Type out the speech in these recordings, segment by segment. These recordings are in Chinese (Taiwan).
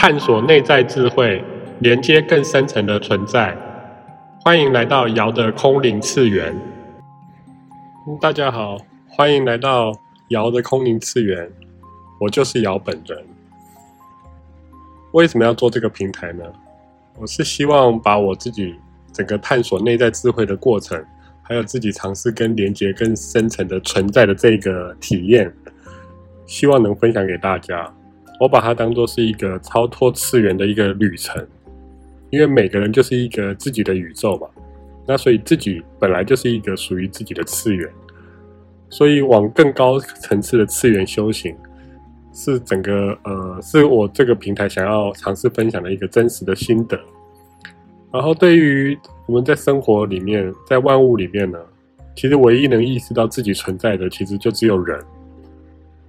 探索內在智慧，連接更深層的存在。歡迎來到瑤的空靈次元。嗯，大家好，歡迎來到瑤的空靈次元。我就是瑤本人。為什麼要做這個平台呢？我是希望把我自己整個探索內在智慧的過程，還有自己嘗試跟連接更深層的存在的這個體驗，希望能分享給大家。我把它當作是一個超脫次元的一個旅程，因為每個人就是一個自己的宇宙嘛，那所以自己本來就是一個屬於自己的次元，所以往更高層次的次元修行，是整個呃是我這個平台想要嘗試分享的一個真實的心得。然後對於我們在生活裡面，在萬物裡面呢，其實唯一能意識到自己存在的，其實就只有人，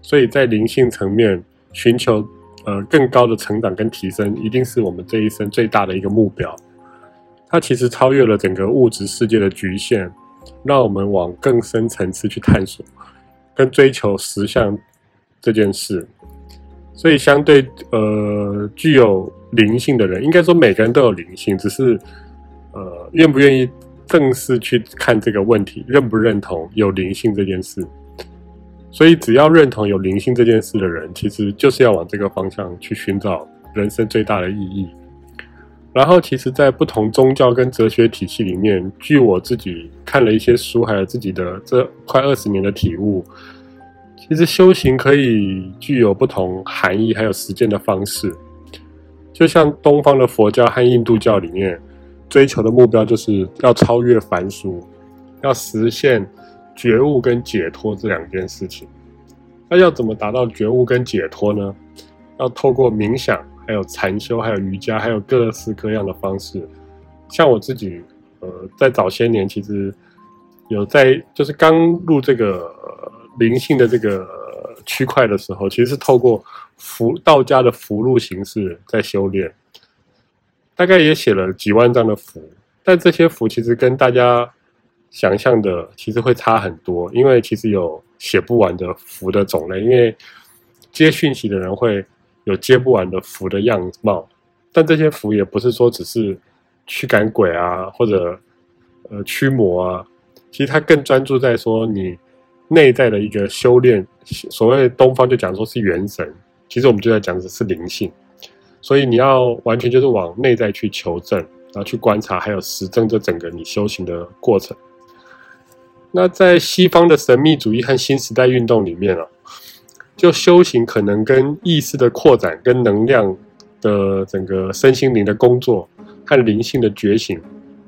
所以在靈性層面。尋求呃更高的成長跟提升，一定是我們這一生最大的一個目標。它其實超越了整個物質世界的局限，讓我們往更深層次去探索，跟追求實相這件事。所以，相對呃具有靈性的人，應該說每個人都有靈性，只是呃願不願意正視，去看這個問題，認不認同有靈性這件事。所以，只要認同有靈性這件事的人，其實就是要往這個方向去尋找人生最大的意義。然後，其實，在不同宗教跟哲學體系裡面，據我自己看了一些書，還有自己的這快二十年的體悟，其實修行可以具有不同含義，還有實踐的方式。就像東方的佛教和印度教裡面，追求的目標就是要超越凡俗，要實現。覺悟跟解脫這兩件事情，那要怎麼達到覺悟跟解脫呢？要透過冥想，還有禪修，還有瑜伽，還有各式各樣的方式。像我自己，呃，在早些年其實有在，就是剛入這個，呃，靈性的這個，呃，區塊的時候，其實是透過符道家的符箓形式在修煉，大概也寫了幾萬張的符，但這些符其實跟大家。想象的其實會差很多，因為其實有寫不完的符的種類，因為接訊息的人會有接不完的符的樣貌，但這些符也不是說只是驅趕鬼啊，或者呃驅魔啊，其實它更專注在說你內在的一個修煉。所謂東方就講說是元神，其實我們就在講的是靈性，所以你要完全就是往內在去求證，然後去觀察，還有實證這整個你修行的過程。那在西方的神秘主義和新時代運動裡面哦，就修行可能跟意識的擴展、跟能量的整個身心靈的工作和靈性的覺醒，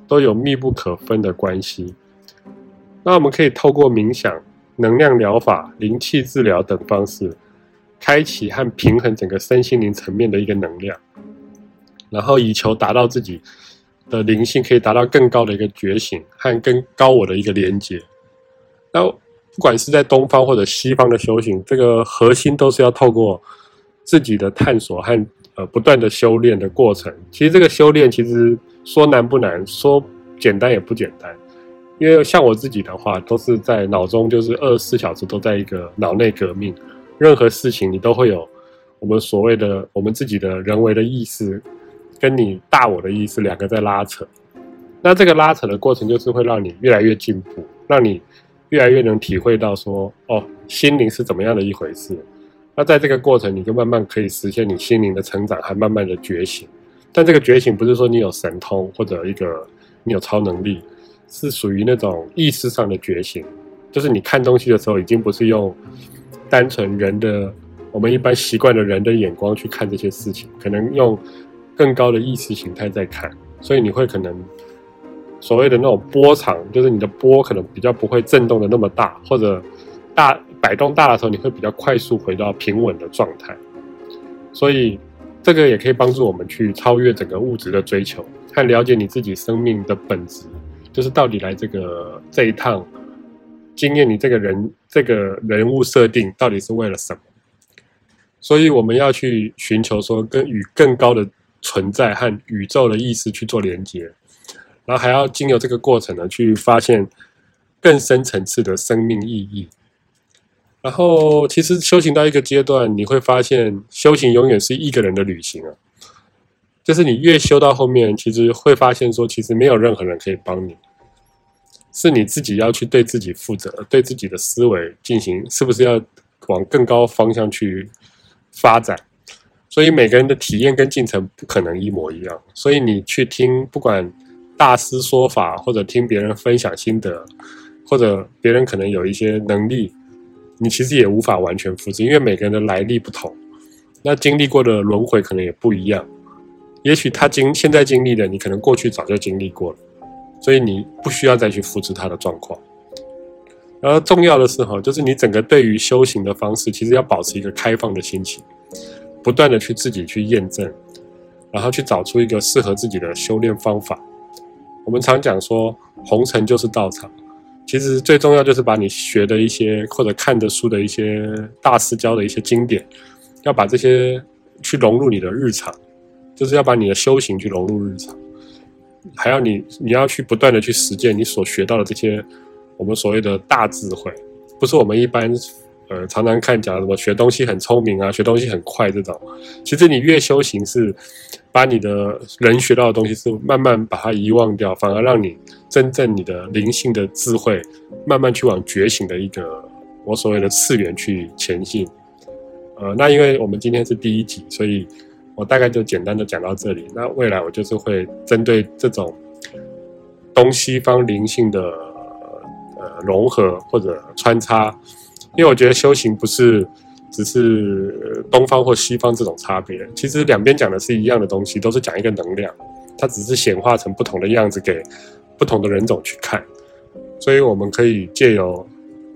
都有密不可分的關係。那我們可以透過冥想、能量療法、靈氣治療等方式，開啟和平衡整個身心靈層面的一個能量，然後以求達到自己的靈性，可以達到更高的一個覺醒和更高我的一個連接。那不管是在東方或者西方的修行，這個核心都是要透過自己的探索和呃不斷的修煉的過程。其實這個修煉，其實說難不難，說簡單也不簡單。因為像我自己的話，都是在腦中，就是二十四小時都在一個腦內革命。任何事情你都會有我們所謂的我們自己的人為的意識，跟你大我的意識兩個在拉扯。那這個拉扯的過程，就是會讓你越來越進步，讓你。越來越能體會到說，哦，心靈是怎麼樣的一回事。那在這個過程，你就慢慢可以實現你心靈的成長，和慢慢的覺醒。但這個覺醒不是說你有神通或者一個你有超能力，是屬於那種意識上的覺醒。就是你看東西的時候，已經不是用單純人的我們一般習慣的人的眼光去看這些事情，可能用更高的意識形態在看。所以你會可能。所謂的那種波長，就是你的波可能比較不會震動的那麼大，或者大擺動大的時候，你會比較快速回到平穩的狀態。所以，這個也可以幫助我們去超越整個物質的追求，和了解你自己生命的本質，就是到底來這個這一趟，經驗你這個人這個人物設定到底是為了什麼？所以，我們要去尋求說，跟與更高的存在和宇宙的意識去做連接。然後還要經由這個過程呢，去發現更深層次的生命意義。然後，其實修行到一個階段，你會發現，修行永遠是一個人的旅行啊。就是你越修到後面，其實會發現說，其實沒有任何人可以幫你，是你自己要去對自己負責，對自己的思維進行是不是要往更高方向去發展。所以每個人的體驗跟過程不可能一模一樣。所以你去聽，不管。大師說法，或者聽別人分享心得，或者別人可能有一些能力，你其實也無法完全複製，因為每個人的來歷不同，那經歷過的輪迴可能也不一樣。也許他經現在經歷的，你可能過去早就經歷過了，所以你不需要再去複製他的狀況。然後重要的是哈，就是你整個對於修行的方式，其實要保持一個開放的心情，不斷地去自己去驗證，然後去找出一個適合自己的修煉方法。我們常講說，紅塵就是道場。其實最重要就是把你學的一些，或者看的書的一些大師教的一些經典，要把這些去融入你的日常，就是要把你的修行去融入日常，還要你，你要去不斷的去實踐你所學到的這些，我們所謂的大智慧，不是我們一般，呃，常常看講什麼學東西很聰明啊，學東西很快這種。其實你越修行是。把你的人學到的東西是慢慢把它遺忘掉，反而讓你真正你的靈性的智慧慢慢去往覺醒的一個我所謂的次元去前行。呃，那因為我們今天是第一集，所以我大概就簡單的講到這裡。那未來我就是會針對這種東西方靈性的呃融合或者穿插，因為我覺得修行不是。只是東方或西方這種差別，其實兩邊講的是一樣的東西，都是講一個能量，它只是顯化成不同的樣子給不同的人種去看。所以我們可以借由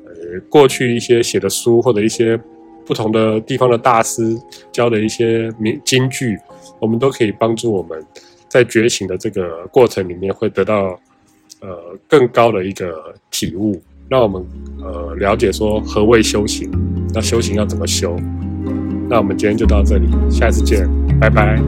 呃過去一些寫的書或者一些不同的地方的大師教的一些名金句，我們都可以幫助我們在覺醒的這個過程裡面會得到呃更高的一個體悟，讓我們呃了解說何謂修行。那修行要怎麼修？那我們今天就到這裡，下次見，拜拜。